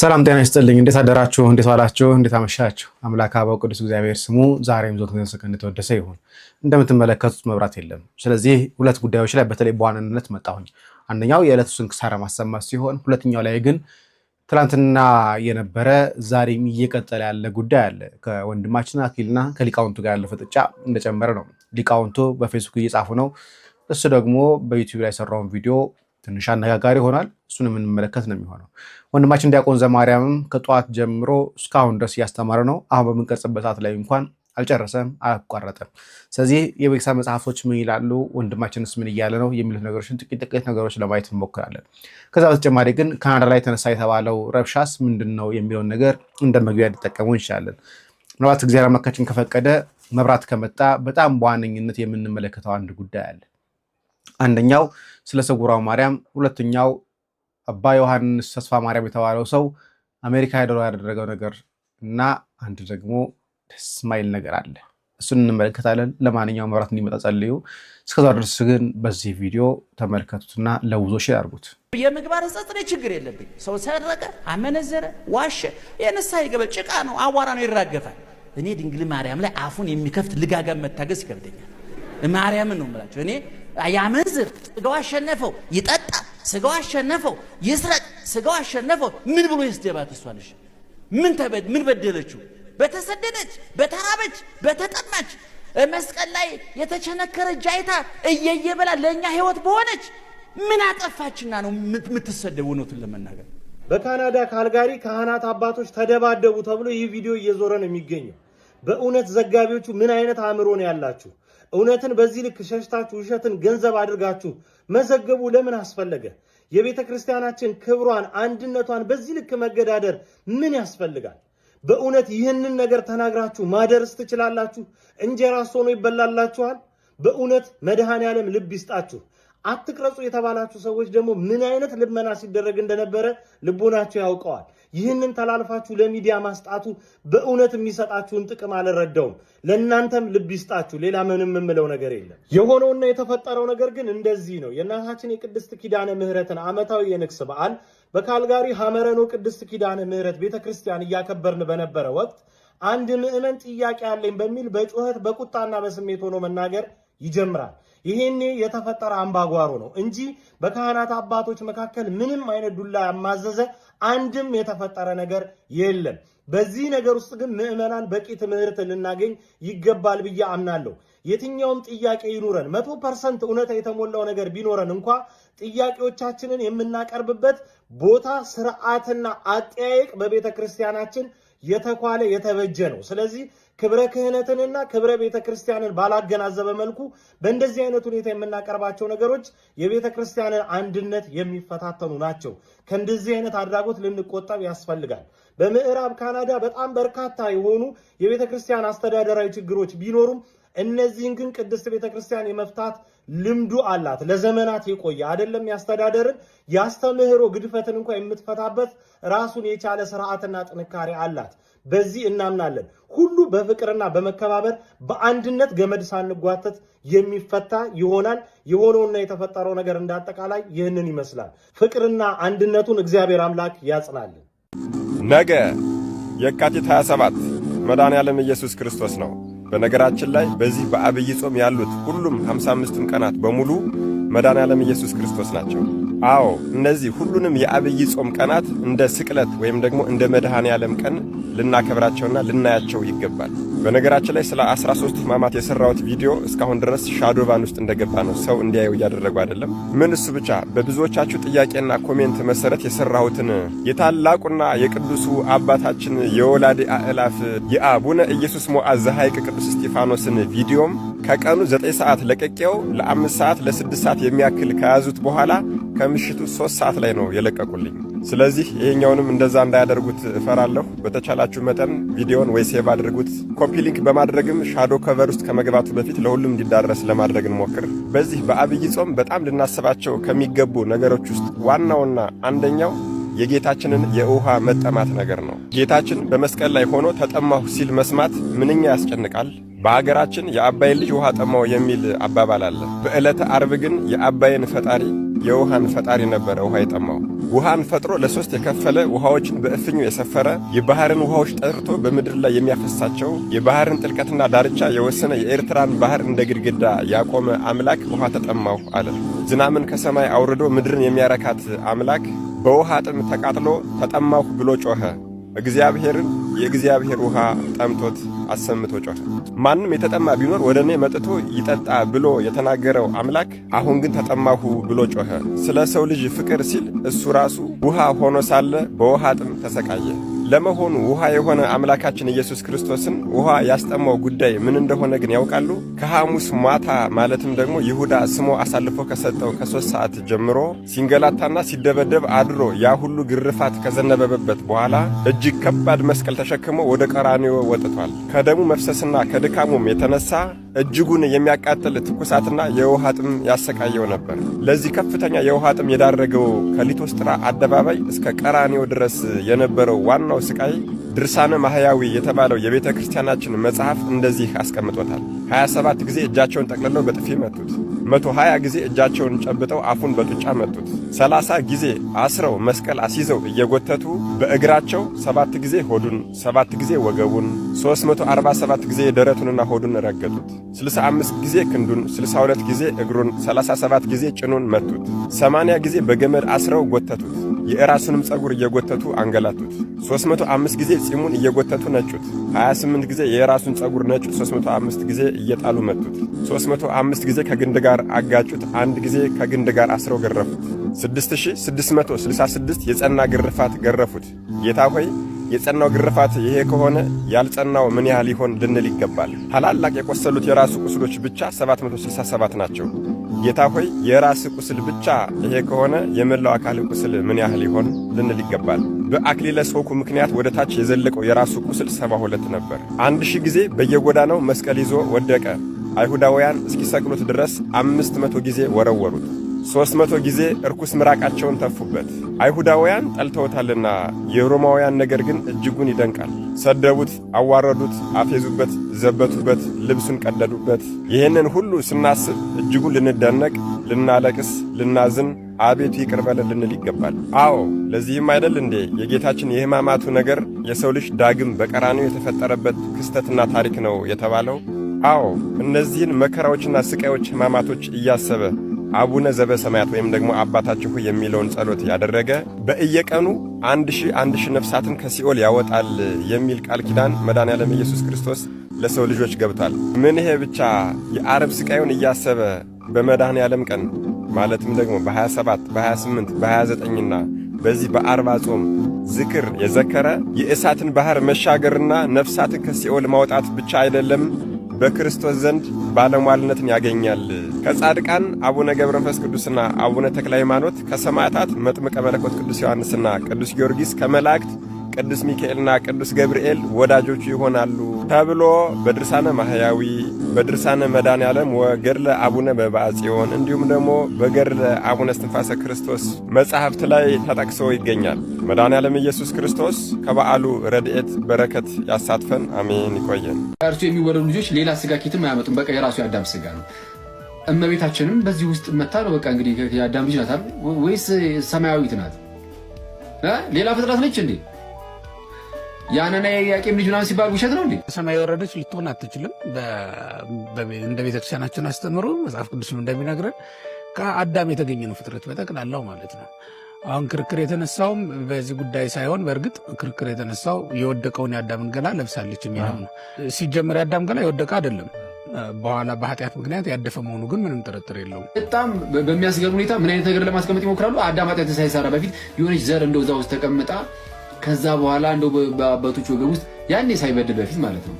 ሰላም ጤና ይስጥልኝ። እንዴት አደራችሁ? እንዴት ዋላችሁ? እንዴት አመሻችሁ? አምላክ አበው ቅዱስ እግዚአብሔር ስሙ ዛሬም ዞት ይመስገን እንደተወደሰ ይሁን። እንደምትመለከቱት መብራት የለም። ስለዚህ ሁለት ጉዳዮች ላይ በተለይ በዋናነት መጣሁኝ። አንደኛው የዕለቱ ስንክሳር ማሰማት ሲሆን፣ ሁለተኛው ላይ ግን ትናንትና የነበረ ዛሬም እየቀጠለ ያለ ጉዳይ አለ። ከወንድማችን አኪልና ከሊቃውንቱ ጋር ያለው ፍጥጫ እንደጨመረ ነው። ሊቃውንቱ በፌስቡክ እየጻፉ ነው። እሱ ደግሞ በዩቲዩብ ላይ የሰራውን ቪዲዮ ትንሽ አነጋጋሪ ይሆናል። እሱን የምንመለከት ነው የሚሆነው። ወንድማችን ዲያቆን ዘማርያምም ከጠዋት ጀምሮ እስካሁን ድረስ እያስተማረ ነው። አሁን በምንቀርጽበት ሰዓት ላይ እንኳን አልጨረሰም፣ አላቋረጠም። ስለዚህ የቤተሳ መጽሐፎች ምን ይላሉ፣ ወንድማችንስ ምን እያለ ነው የሚሉት ነገሮችን ጥቂት ጥቂት ነገሮች ለማየት እንሞክራለን። ከዛ በተጨማሪ ግን ካናዳ ላይ ተነሳ የተባለው ረብሻስ ምንድን ነው የሚለውን ነገር እንደ መግቢያ እንዲጠቀሙ እንችላለን። ምናልባት እግዚአብሔር አምላካችን ከፈቀደ መብራት ከመጣ በጣም በዋነኝነት የምንመለከተው አንድ ጉዳይ አለ። አንደኛው ስለ ስውሯ ማርያም፣ ሁለተኛው አባ ዮሐንስ ተስፋ ማርያም የተባለው ሰው አሜሪካ ሄዶ ያደረገው ነገር እና አንድ ደግሞ ደስ ማይል ነገር አለ። እሱን እንመለከታለን። ለማንኛውም መብራት እንዲመጣ ጸልዩ። እስከዛ ድረስ ግን በዚህ ቪዲዮ ተመልከቱትና ለውዞ ሼር አድርጉት። የምግባር ሕጸጽ ችግር የለብኝ። ሰው ሰረቀ፣ አመነዘረ፣ ዋሸ፣ የነሳ ይገበል ጭቃ ነው፣ አዋራ ነው፣ ይራገፋል። እኔ ድንግል ማርያም ላይ አፉን የሚከፍት ልጋጋም መታገስ ይከብደኛል። ማርያምን ነው የምላቸው እኔ ያመንዝር ስጋው አሸነፈው፣ ይጠጣ ስጋው አሸነፈው፣ ይስረቅ ስጋው አሸነፈው። ምን ብሎ ይስደባት? እሷን ምን ተበድ ምን በደለችው? በተሰደደች በተራበች በተጠማች መስቀል ላይ የተቸነከረ ጃይታ እየየ በላ ለእኛ ህይወት በሆነች ምን አጠፋችና ነው የምትሰደቡ? እውነቱን ለመናገር በካናዳ ካልጋሪ ካህናት አባቶች ተደባደቡ ተብሎ ይህ ቪዲዮ እየዞረ ነው የሚገኘው። በእውነት ዘጋቢዎቹ ምን አይነት አእምሮ ነው ያላችሁ? እውነትን በዚህ ልክ ሸሽታችሁ ውሸትን ገንዘብ አድርጋችሁ መዘገቡ ለምን አስፈለገ? የቤተ ክርስቲያናችን ክብሯን፣ አንድነቷን በዚህ ልክ መገዳደር ምን ያስፈልጋል? በእውነት ይህንን ነገር ተናግራችሁ ማደርስ ትችላላችሁ? እንጀራስ ሆኖ ይበላላችኋል? በእውነት መድኃኔ ዓለም ልብ ይስጣችሁ። አትቅረጹ የተባላችሁ ሰዎች ደግሞ ምን አይነት ልመና ሲደረግ እንደነበረ ልቦናችሁ ያውቀዋል። ይህንን ተላልፋችሁ ለሚዲያ ማስጣቱ በእውነት የሚሰጣችሁን ጥቅም አልረዳውም። ለእናንተም ልብ ይስጣችሁ። ሌላ ምንም የምለው ነገር የለም። የሆነውና የተፈጠረው ነገር ግን እንደዚህ ነው። የእናታችን የቅድስት ኪዳነ ምሕረትን ዓመታዊ የንግስ በዓል በካልጋሪ ሐመረኖ ቅድስት ኪዳነ ምሕረት ቤተ ክርስቲያን እያከበርን በነበረ ወቅት አንድ ምዕመን ጥያቄ አለኝ በሚል በጩኸት በቁጣና በስሜት ሆኖ መናገር ይጀምራል። ይሄኔ የተፈጠረ አምባጓሮ ነው እንጂ በካህናት አባቶች መካከል ምንም አይነት ዱላ ያማዘዘ አንድም የተፈጠረ ነገር የለም። በዚህ ነገር ውስጥ ግን ምዕመናን በቂ ትምህርት ልናገኝ ይገባል ብዬ አምናለሁ። የትኛውም ጥያቄ ይኑረን፣ መቶ ፐርሰንት እውነታ የተሞላው ነገር ቢኖረን እንኳ ጥያቄዎቻችንን የምናቀርብበት ቦታ፣ ስርዓትና አጠያየቅ በቤተ ክርስቲያናችን የተኳለ የተበጀ ነው። ስለዚህ ክብረ ክህነትንና ክብረ ቤተ ክርስቲያንን ባላገናዘበ መልኩ በእንደዚህ አይነት ሁኔታ የምናቀርባቸው ነገሮች የቤተ ክርስቲያንን አንድነት የሚፈታተኑ ናቸው። ከእንደዚህ አይነት አድራጎት ልንቆጠብ ያስፈልጋል። በምዕራብ ካናዳ በጣም በርካታ የሆኑ የቤተ ክርስቲያን አስተዳደራዊ ችግሮች ቢኖሩም እነዚህን ግን ቅድስት ቤተ ክርስቲያን የመፍታት ልምዱ አላት። ለዘመናት የቆየ አይደለም ያስተዳደርን ያስተምህሮ ግድፈትን እንኳ የምትፈታበት ራሱን የቻለ ስርዓትና ጥንካሬ አላት። በዚህ እናምናለን። ሁሉ በፍቅርና በመከባበር በአንድነት ገመድ ሳንጓተት የሚፈታ ይሆናል። የሆነውና የተፈጠረው ነገር እንዳጠቃላይ ይህንን ይመስላል። ፍቅርና አንድነቱን እግዚአብሔር አምላክ ያጽናልን። ነገ የካቲት 27 መድኃኔ ያለም ኢየሱስ ክርስቶስ ነው። በነገራችን ላይ በዚህ በአብይ ጾም ያሉት ሁሉም ሃምሳ አምስቱም ቀናት በሙሉ ያለም ኢየሱስ ክርስቶስ ናቸው። አዎ እነዚህ ሁሉንም የአብይ ጾም ቀናት እንደ ስቅለት ወይም ደግሞ እንደ መድኃኔዓለም ቀን ልናከብራቸውና ልናያቸው ይገባል። በነገራችን ላይ ስለ 13 ህማማት የሰራሁት ቪዲዮ እስካሁን ድረስ ሻዶቫን ውስጥ እንደገባ ነው። ሰው እንዲያየው እያደረጉ አይደለም። ምን እሱ ብቻ በብዙዎቻችሁ ጥያቄና ኮሜንት መሰረት የሰራሁትን የታላቁና የቅዱሱ አባታችን የወላድ አእላፍ የአቡነ ኢየሱስ ሞዓ ሐይቅ ቅዱስ እስጢፋኖስን ቪዲዮም ከቀኑ 9 ሰዓት ለቀቄው ለአምስት ሰዓት ለስድስት ሰዓት የሚያክል ከያዙት በኋላ ከምሽቱ ሶስት ሰዓት ላይ ነው የለቀቁልኝ። ስለዚህ ይሄኛውንም እንደዛ እንዳያደርጉት እፈራለሁ። በተቻላችሁ መጠን ቪዲዮን ወይ ሴቭ አድርጉት፣ ኮፒ ሊንክ በማድረግም ሻዶ ከቨር ውስጥ ከመግባቱ በፊት ለሁሉም እንዲዳረስ ለማድረግ እንሞክር። በዚህ በአብይ ጾም በጣም ልናስባቸው ከሚገቡ ነገሮች ውስጥ ዋናውና አንደኛው የጌታችንን የውሃ መጠማት ነገር ነው። ጌታችን በመስቀል ላይ ሆኖ ተጠማሁ ሲል መስማት ምንኛ ያስጨንቃል። በአገራችን የአባይን ልጅ ውሃ ጠማው የሚል አባባል አለ። በዕለተ አርብ ግን የአባይን ፈጣሪ የውሃን ፈጣሪ ነበረ ውሃ የጠማው። ውሃን ፈጥሮ ለሶስት የከፈለ ውሃዎችን በእፍኙ የሰፈረ የባህርን ውሃዎች ጠርቶ በምድር ላይ የሚያፈሳቸው የባህርን ጥልቀትና ዳርቻ የወሰነ የኤርትራን ባህር እንደ ግድግዳ ያቆመ አምላክ ውሃ ተጠማሁ አለ። ዝናምን ከሰማይ አውርዶ ምድርን የሚያረካት አምላክ በውሃ ጥም ተቃጥሎ ተጠማሁ ብሎ ጮኸ። እግዚአብሔርን የእግዚአብሔር ውሃ ጠምቶት አሰምቶ ጮኸ። ማንም የተጠማ ቢኖር ወደ እኔ መጥቶ ይጠጣ ብሎ የተናገረው አምላክ አሁን ግን ተጠማሁ ብሎ ጮኸ። ስለ ሰው ልጅ ፍቅር ሲል እሱ ራሱ ውሃ ሆኖ ሳለ በውሃ ጥም ተሰቃየ። ለመሆኑ ውሃ የሆነ አምላካችን ኢየሱስ ክርስቶስን ውሃ ያስጠማው ጉዳይ ምን እንደሆነ ግን ያውቃሉ? ከሐሙስ ማታ ማለትም ደግሞ ይሁዳ ስሞ አሳልፎ ከሰጠው ከሶስት ሰዓት ጀምሮ ሲንገላታና ሲደበደብ አድሮ ያ ሁሉ ግርፋት ከዘነበበበት በኋላ እጅግ ከባድ መስቀል ተሸክሞ ወደ ቀራንዮ ወጥቷል። ከደሙ መፍሰስና ከድካሙም የተነሳ እጅጉን የሚያቃጥል ትኩሳትና የውሃ ጥም ያሰቃየው ነበር። ለዚህ ከፍተኛ የውሃ ጥም የዳረገው ከሊቶስጥራ አደባባይ እስከ ቀራኔው ድረስ የነበረው ዋናው ስቃይ ድርሳነ ማህያዊ የተባለው የቤተ ክርስቲያናችን መጽሐፍ እንደዚህ አስቀምጦታል። 27 ጊዜ እጃቸውን ጠቅልለው በጥፊ መቱት። 120 ጊዜ እጃቸውን ጨብጠው አፉን በጡጫ መቱት። ሰላሳ ጊዜ አስረው መስቀል አስይዘው እየጎተቱ በእግራቸው ሰባት ጊዜ ሆዱን፣ ሰባት ጊዜ ወገቡን፣ 347 ጊዜ ደረቱንና ሆዱን ረገጡት። 65 ጊዜ ክንዱን፣ 62 ጊዜ እግሩን፣ 37 ጊዜ ጭኑን መቱት። 80 ጊዜ በገመድ አስረው ጎተቱት። የእራሱንም ጸጉር እየጎተቱ አንገላቱት። 305 ጊዜ ጺሙን እየጎተቱ ነጩት። 28 ጊዜ የራሱን ጸጉር ነጩት። 305 ጊዜ እየጣሉ መቱት። 305 ጊዜ ከግንድ ጋር አጋጩት። አንድ ጊዜ ከግንድ ጋር አስረው ገረፉት። 6666 የጸና ግርፋት ገረፉት። ጌታ ሆይ የጸናው ግርፋት ይሄ ከሆነ ያልጸናው ምን ያህል ይሆን ልንል ይገባል። ታላላቅ የቆሰሉት የራሱ ቁስሎች ብቻ 767 ናቸው። ጌታ ሆይ የራስ ቁስል ብቻ ይሄ ከሆነ የመላው አካል ቁስል ምን ያህል ይሆን ልንል ይገባል። በአክሊለ ሶኩ ምክንያት ወደ ታች የዘለቀው የራሱ ቁስል 72 ነበር። አንድ ሺህ ጊዜ በየጎዳናው መስቀል ይዞ ወደቀ። አይሁዳውያን እስኪሰቅሉት ድረስ አምስት መቶ ጊዜ ወረወሩት። ሦስት መቶ ጊዜ እርኩስ ምራቃቸውን ተፉበት። አይሁዳውያን ጠልተውታልና የሮማውያን ነገር ግን እጅጉን ይደንቃል። ሰደቡት፣ አዋረዱት፣ አፌዙበት፣ ዘበቱበት፣ ልብሱን ቀደዱበት። ይህንን ሁሉ ስናስብ እጅጉን ልንደነቅ፣ ልናለቅስ፣ ልናዝን አቤቱ ይቅር በለን ልንል ይገባል። አዎ ለዚህም አይደል እንዴ የጌታችን የሕማማቱ ነገር የሰው ልጅ ዳግም በቀራኒው የተፈጠረበት ክስተትና ታሪክ ነው የተባለው? አዎ እነዚህን መከራዎችና ስቃዮች ሕማማቶች እያሰበ አቡነ ዘበ ሰማያት ወይም ደግሞ አባታችሁ የሚለውን ጸሎት ያደረገ በእየቀኑ አንድ ሺህ አንድ ሺህ ነፍሳትን ከሲኦል ያወጣል የሚል ቃል ኪዳን መድኃኔዓለም ኢየሱስ ክርስቶስ ለሰው ልጆች ገብቷል። ምን ይሄ ብቻ የዓረብ ስቃዩን እያሰበ በመድኃኔዓለም ቀን ማለትም ደግሞ በ27 በ28 በ29ና በዚህ በአርባ ጾም ዝክር የዘከረ የእሳትን ባህር መሻገርና ነፍሳትን ከሲኦል ማውጣት ብቻ አይደለም በክርስቶስ ዘንድ ባለሟልነትን ያገኛል። ከጻድቃን አቡነ ገብረ መንፈስ ቅዱስና አቡነ ተክለ ሃይማኖት፣ ከሰማዕታት መጥምቀ መለኮት ቅዱስ ዮሐንስና ቅዱስ ጊዮርጊስ፣ ከመላእክት ቅዱስ ሚካኤልና ቅዱስ ገብርኤል ወዳጆቹ ይሆናሉ ተብሎ በድርሳነ ማህያዊ በድርሳነ መድኃኔ ዓለም ወገድለ አቡነ በባጽዮን እንዲሁም ደግሞ በገድለ አቡነ እስትንፋሰ ክርስቶስ መጻሕፍት ላይ ተጠቅሶ ይገኛል። መድኃኔ ኢየሱስ ክርስቶስ ከበዓሉ ረድኤት በረከት ያሳትፈን፣ አሜን። ይቆየን። እርሱ የሚወለዱ ልጆች ሌላ ስጋ ኬትም አያመጡም። በቃ የራሱ የአዳም ስጋ ነው። እመቤታችንም በዚህ ውስጥ መታ ነው። በቃ እንግዲህ የአዳም ልጅ ናት ወይስ ሰማያዊት ናት? ሌላ ፍጥረት ነች እንዴ? ያንና የኢያቄም ልጅ ምናምን ሲባል ውሸት ነው እንዴ? ሰማይ የወረደች ልትሆን አትችልም። እንደ ቤተክርስቲያናችን አስተምሮ መጽሐፍ ቅዱስም እንደሚነግረን ከአዳም የተገኘ ነው ፍጥረት በጠቅላላው ማለት ነው። አሁን ክርክር የተነሳውም በዚህ ጉዳይ ሳይሆን በእርግጥ ክርክር የተነሳው የወደቀውን የአዳምን ገላ ለብሳለች የሚለው ነው። ሲጀመር የአዳም ገላ የወደቀ አይደለም። በኋላ በኃጢአት ምክንያት ያደፈ መሆኑ ግን ምንም ጥርጥር የለውም። በጣም በሚያስገርም ሁኔታ ምን አይነት ነገር ለማስቀመጥ ይሞክራሉ። አዳም ኃጢአት ሳይሰራ በፊት የሆነች ዘር እንደው ውስጥ ተቀምጣ ከዛ በኋላ እንደው በአባቶች ወገብ ውስጥ ያኔ ሳይበድ በፊት ማለት ነው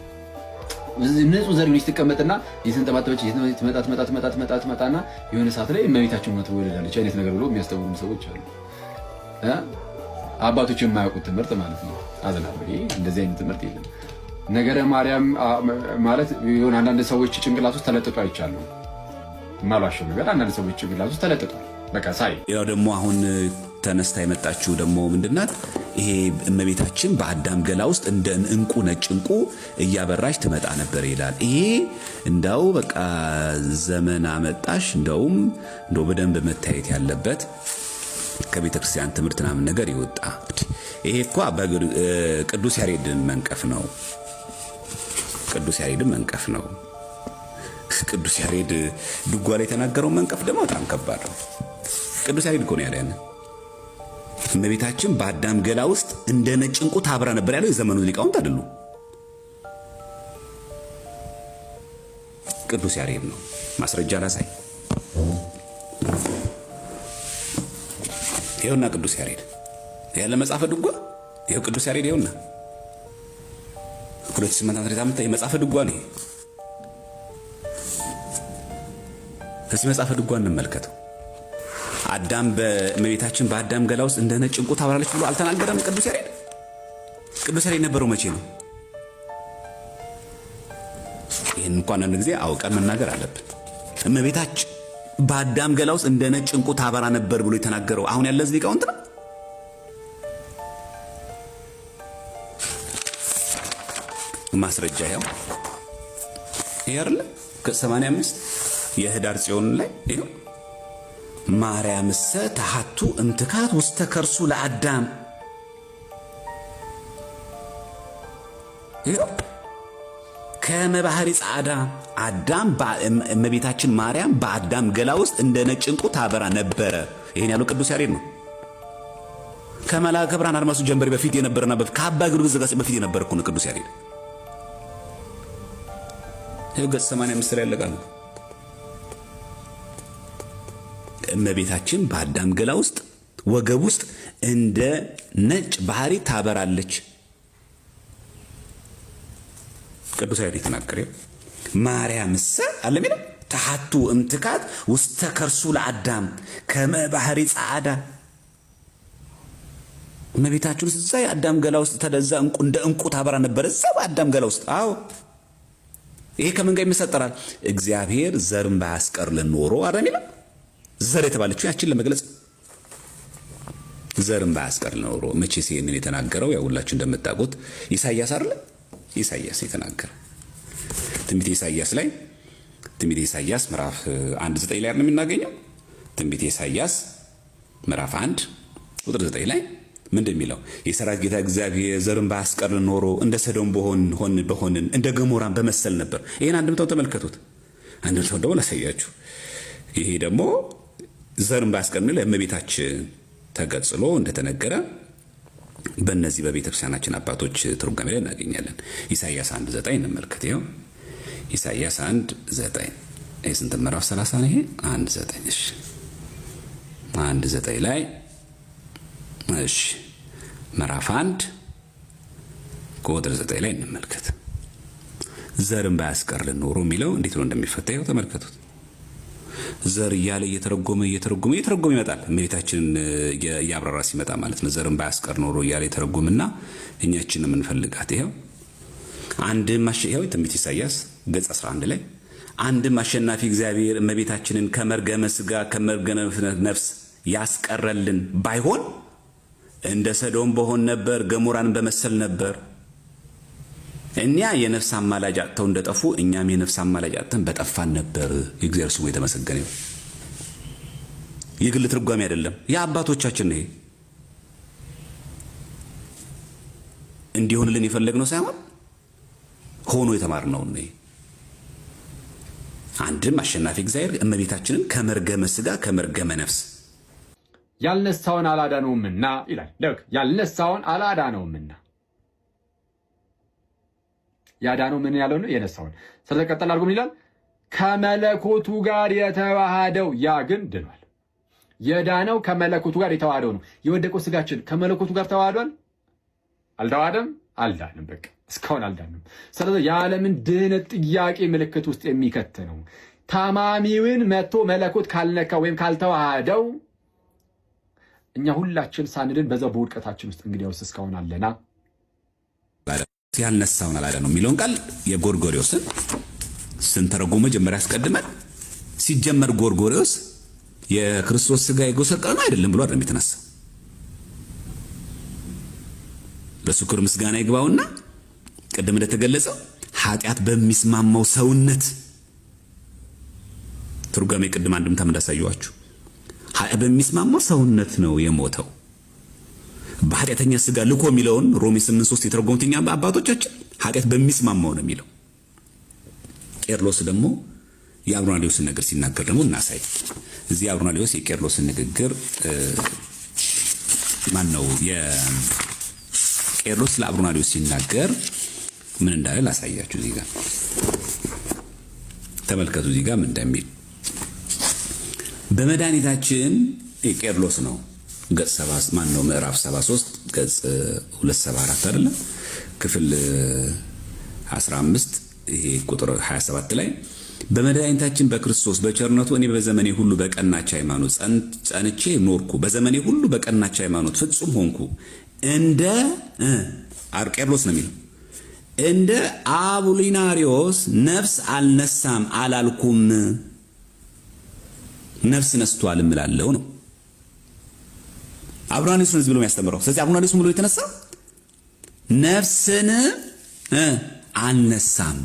ንጹህ ዘር ልጅ ትቀመጥና የተንጠባጠበች ትመጣ ትመጣ ትመጣ ትመጣ ትመጣና የሆነ ሰዓት ላይ እመቤታችን ሆነ ትወለዳለች አይነት ነገር ብሎ የሚያስተውሉ ሰዎች አሉ። አባቶች የማያውቁት ትምህርት ማለት ነው። አዘና እንደዚህ አይነት ትምህርት የለም። ነገረ ማርያም ማለት የሆነ አንዳንድ ሰዎች ጭንቅላት ውስጥ ተለጥጦ አይቻሉ ማሏቸው ነገር አንዳንድ ሰዎች ጭንቅላት ውስጥ ተለጥጧል። በቃ ሳይ ያው ደግሞ አሁን ተነስታ የመጣችው ደግሞ ምንድናት ይሄ እመቤታችን በአዳም ገላ ውስጥ እንደ እንቁ ነጭ እንቁ እያበራች ትመጣ ነበር ይላል። ይሄ እንዳው በቃ ዘመን አመጣሽ እንደውም እንደ በደንብ መታየት ያለበት ከቤተ ክርስቲያን ትምህርት ምናምን ነገር ይወጣ። ይሄ እኮ ቅዱስ ያሬድን መንቀፍ ነው። ቅዱስ ያሬድን መንቀፍ ነው። ቅዱስ ያሬድ ድጓ ላይ የተናገረውን መንቀፍ ደግሞ በጣም ከባድ ነው። ቅዱስ ያሬድ እኮ ነው ያለ እመቤታችን በአዳም ገላ ውስጥ እንደ ነጭ እንቁ ታብራ ነበር ያለው የዘመኑ ሊቃውንት አይደሉ፣ ቅዱስ ያሬድ ነው። ማስረጃ ላሳይ። ይኸውና ቅዱስ ያሬድ ያለ መጽሐፈ ድጓ ይኸው ቅዱስ ያሬድ ይኸውና 28 ዓመት የመጽሐፈ ድጓ ነው። እዚህ መጽሐፈ ድጓ እንመልከተው። አዳም በእመቤታችን በአዳም ገላ ውስጥ እንደ ነጭ ዕንቁ ታበራለች ብሎ አልተናገረም ቅዱስ ያሬድ? ቅዱስ ያሬድ የነበረው መቼ ነው? ይህን እንኳን አንድ ጊዜ አውቀን መናገር አለብን። እመቤታችን በአዳም ገላ ውስጥ እንደ ነጭ ዕንቁ ታበራ ነበር ብሎ የተናገረው አሁን ያለ ሊቃውንት ነው? ማስረጃ ያው ይሄ አይደለ ከ85 የህዳር ጽዮን ላይ ይሄው ማርያም ሰ ተሃቱ እምትካት ውስተ ከርሱ ለአዳም ከመባህሪ ጻዕዳ አዳም እመቤታችን ማርያም በአዳም ገላ ውስጥ እንደ ነጭ ዕንቁ ታበራ ነበረ። ይህን ያለው ቅዱስ ያሬድ ነው። ከመላከ ብርሃን አድማሱ ጀንበሬ በፊት የነበረና ከአባ ጊዮርጊስ ዘጋሥጫ በፊት የነበረ እኮ ነው ቅዱስ ያሬድ። ይህ ገጽ 85 ላይ ያለቃል። እመቤታችን በአዳም ገላ ውስጥ ወገብ ውስጥ እንደ ነጭ ባህሪ ታበራለች። ቅዱስ ኃይል የተናገረ ማርያምሰ አለ ሚለው ተሓቱ እምትካት ውስተ ከርሱ ለአዳም ከመ ባህሪ ጻዕዳ እመቤታችን ውስጥ እዛ የአዳም ገላ ውስጥ ተደዛ እንቁ እንደ እንቁ ታበራ ነበር። እዛ በአዳም ገላ ውስጥ አዎ። ይሄ ከምን ጋር ይመሰጠራል? እግዚአብሔር ዘርን ባያስቀርልን ኖሮ አዳም ዘር የተባለችው ያችን ለመግለጽ ዘርን ባያስቀር ኖሮ መቼ ሲንን የተናገረው ያው ሁላችሁ እንደምታውቁት ኢሳያስ አይደለ? ኢሳያስ የተናገረ ትንቢት ኢሳያስ ላይ ትንቢት ኢሳያስ ምዕራፍ አንድ ዘጠኝ ላይ ነው የምናገኘው። ትንቢት ኢሳያስ ምዕራፍ አንድ ቁጥር ዘጠኝ ላይ ምን እንደሚለው የሰራዊት ጌታ እግዚአብሔር ዘርን ባያስቀር ኖሮ እንደ ሰዶም በሆን ሆን በሆንን እንደ ገሞራን በመሰል ነበር። ይህን አንድምታው ተመልከቱት። አንድምታው ደግሞ ላሳያችሁ። ይሄ ደግሞ ዘር እንዳያስቀርን ለእመቤታችን ተገጽሎ እንደተነገረ በእነዚህ በቤተ ክርስቲያናችን አባቶች ትርጓሜ ላይ እናገኛለን። ኢሳያስ 1 ዘጠኝ እንመልከት። ይኸው ኢሳያስ 1 ዘጠኝ የስንት ምዕራፍ 30 ነው ይሄ አንድ ዘጠኝ እሺ አንድ ዘጠኝ ላይ እሺ ምዕራፍ አንድ ቁጥር ዘጠኝ ላይ እንመልከት። ዘርን ባያስቀርልን ኖሮ የሚለው እንዴት ነው እንደሚፈታ ይኸው ተመልከቱት። ዘር እያለ እየተረጎመ እየተረጎመ እየተረጎመ ይመጣል። እመቤታችንን እያብራራ ሲመጣ ማለት ነው። ዘርን ባያስቀር ኖሮ እያለ የተረጎምና እኛችን የምንፈልጋት ይኸው አንድም ይኸው ትንቢት ኢሳያስ ገጽ 11 ላይ አንድም አሸናፊ እግዚአብሔር እመቤታችንን ከመርገመ ስጋ ከመርገመ ነፍስ ያስቀረልን ባይሆን እንደ ሰዶም በሆን ነበር፣ ገሞራን በመሰል ነበር። እኒያ የነፍስ አማላጅ አጥተው እንደጠፉ እኛም የነፍስ አማላጅ አጥተን በጠፋን ነበር። የእግዚአብሔር ስሙ የተመሰገነ ይሁን። የግል ትርጓሜ አይደለም፣ የአባቶቻችን ነው። እንዲሆንልን የፈለግነው ሳይሆን ሆኖ የተማርነው ነው። አንድም አሸናፊ እግዚአብሔር እመቤታችንን ከመርገመ ስጋ ከመርገመ ነፍስ ያልነሳውን አላዳነውምና ይላል። ያልነሳውን አላዳነውምና ያዳነው ምን ያለው ነው የነሳውን። ስለተቀጠል አድርጎ ምን ይላል? ከመለኮቱ ጋር የተዋሃደው ያ ግን ድኗል። የዳነው ከመለኮቱ ጋር የተዋሃደው ነው። የወደቀው ስጋችን ከመለኮቱ ጋር ተዋህዷል? አልተዋሃደም? አልዳንም። በቃ እስካሁን አልዳንም። ስለዚህ የዓለምን ድህነት ጥያቄ ምልክት ውስጥ የሚከት ነው። ታማሚውን መጥቶ መለኮት ካልነካ ወይም ካልተዋሃደው እኛ ሁላችን ሳንድን በዛ በውድቀታችን ውስጥ እንግዲያውስ እስካሁን አለና ሲያነሳውን አላለ ነው የሚለውን ቃል የጎርጎሪዎስን ስንተረጉም መጀመሪያ አስቀድመን ሲጀመር ጎርጎሪዎስ የክርስቶስ ስጋ የጎሰር ነው አይደለም ብሎ አይደለም የተነሳ። ለእሱ ክብር ምስጋና ይግባውና ቅድም እንደተገለጸው ኃጢአት በሚስማማው ሰውነት ትርጓሜ ቅድም አንድምታም እንዳሳየዋችሁ በሚስማማው ሰውነት ነው የሞተው። በኃጢአተኛ ስጋ ልኮ የሚለውን ሮሜ 8፥3 የተረጎሙት እኛ አባቶቻችን ኃጢአት በሚስማማው ነው የሚለው። ቄርሎስ ደግሞ የአብሮናሌዎስን ነገር ሲናገር ደግሞ እናሳይ። እዚህ አብሮናሌዎስ የቄርሎስን ንግግር ማን ነው የቄርሎስ ለአብሮናሌዎስ ሲናገር ምን እንዳለ ላሳያችሁ። እዚህ ጋር ተመልከቱ። እዚህ ጋር ምን እንደሚል በመድኃኒታችን ቄርሎስ ነው ገጽ 70 ማን ነው ምዕራፍ 73 ገጽ 274 አይደለ ክፍል 15 ይሄ ቁጥር 27 ላይ በመድኃኒታችን በክርስቶስ በቸርነቱ እኔ በዘመኔ ሁሉ በቀናች ሃይማኖት ጸንቼ ኖርኩ። በዘመኔ ሁሉ በቀናች ሃይማኖት ፍጹም ሆንኩ። እንደ አርቄብሎስ ነው የሚለው እንደ አቡሊናሪዮስ ነፍስ አልነሳም አላልኩም፣ ነፍስ ነስቷል እምላለሁ ነው። አብርሃኒሱን ነው ብሎ የሚያስተምረው። ስለዚህ አብርሃኒሱን ብሎ የተነሳ ነፍስን አልነሳም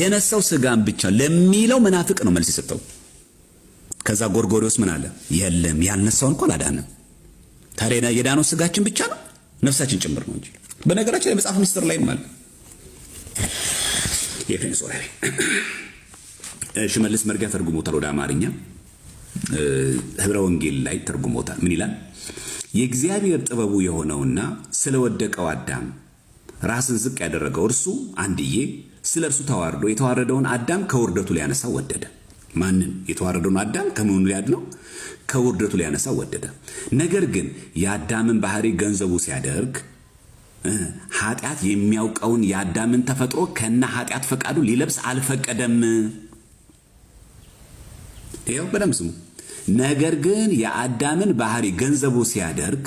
የነሳው ስጋን ብቻ ለሚለው መናፍቅ ነው መልስ የሰጠው። ከዛ ጎርጎሪዎስ ምን አለ? የለም ያልነሳውን እኮ አላዳንም። ታዲያ የዳነው ስጋችን ብቻ ነው ነፍሳችን ጭምር ነው እንጂ። በነገራችን ላይ መጽሐፍ ምስጢር ላይም አለ የፊንሶ ሽመልስ መርጊያ ተርጉሞታል ወደ አማርኛ። ህብረ ወንጌል ላይ ተርጉሞታል። ምን ይላል? የእግዚአብሔር ጥበቡ የሆነውና ስለወደቀው አዳም ራስን ዝቅ ያደረገው እርሱ አንድዬ ስለ እርሱ ተዋርዶ የተዋረደውን አዳም ከውርደቱ ሊያነሳ ወደደ። ማንን? የተዋረደውን አዳም ከምኑ ሊያድነው? ከውርደቱ ሊያነሳ ወደደ። ነገር ግን የአዳምን ባህሪ ገንዘቡ ሲያደርግ ኃጢአት የሚያውቀውን የአዳምን ተፈጥሮ ከነ ኃጢአት ፈቃዱ ሊለብስ አልፈቀደም። ይኸው በደንብ ስሙ። ነገር ግን የአዳምን ባህሪ ገንዘቡ ሲያደርግ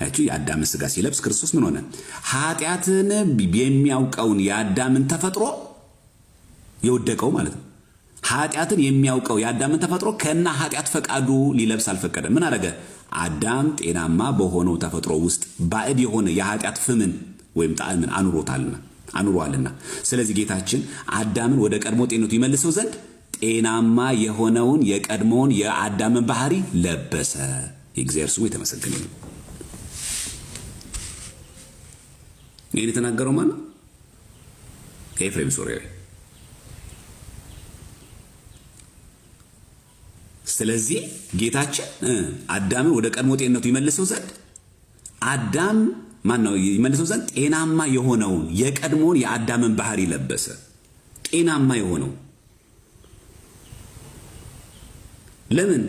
አያችሁ፣ የአዳምን ስጋ ሲለብስ ክርስቶስ ምን ሆነ? ኃጢአትን የሚያውቀውን የአዳምን ተፈጥሮ የወደቀው ማለት ነው። ኃጢአትን የሚያውቀው የአዳምን ተፈጥሮ ከና ኃጢአት ፈቃዱ ሊለብስ አልፈቀደም። ምን አደረገ? አዳም ጤናማ በሆነው ተፈጥሮ ውስጥ ባዕድ የሆነ የኃጢአት ፍምን ወይም ጣዕምን አኑሮታልና አኑሯልና። ስለዚህ ጌታችን አዳምን ወደ ቀድሞ ጤነቱ ይመልሰው ዘንድ ጤናማ የሆነውን የቀድሞውን የአዳምን ባህሪ ለበሰ። የእግዚአብሔር ስሙ የተመሰገነ ነው። ይህን የተናገረው ማን? ኤፍሬም ሶርያዊ። ስለዚህ ጌታችን አዳምን ወደ ቀድሞ ጤንነቱ ይመልሰው ዘንድ አዳም ማን ነው ይመልሰው ዘንድ ጤናማ የሆነውን የቀድሞውን የአዳምን ባህሪ ለበሰ። ጤናማ የሆነው ለምን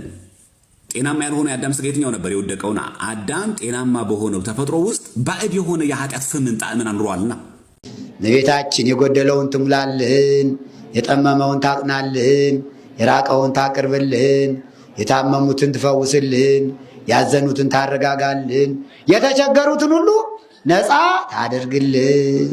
ጤናማ ያልሆነ የአዳም ስጋ የትኛው ነበር የወደቀውና? አዳም ጤናማ በሆነው ተፈጥሮ ውስጥ ባዕድ የሆነ የኃጢአት ፍምን ጣዕምን አኑሯልና እመቤታችን የጎደለውን ትሙላልህን፣ የጠመመውን ታቅናልህን፣ የራቀውን ታቅርብልህን፣ የታመሙትን ትፈውስልህን፣ ያዘኑትን ታረጋጋልህን፣ የተቸገሩትን ሁሉ ነፃ ታደርግልህ።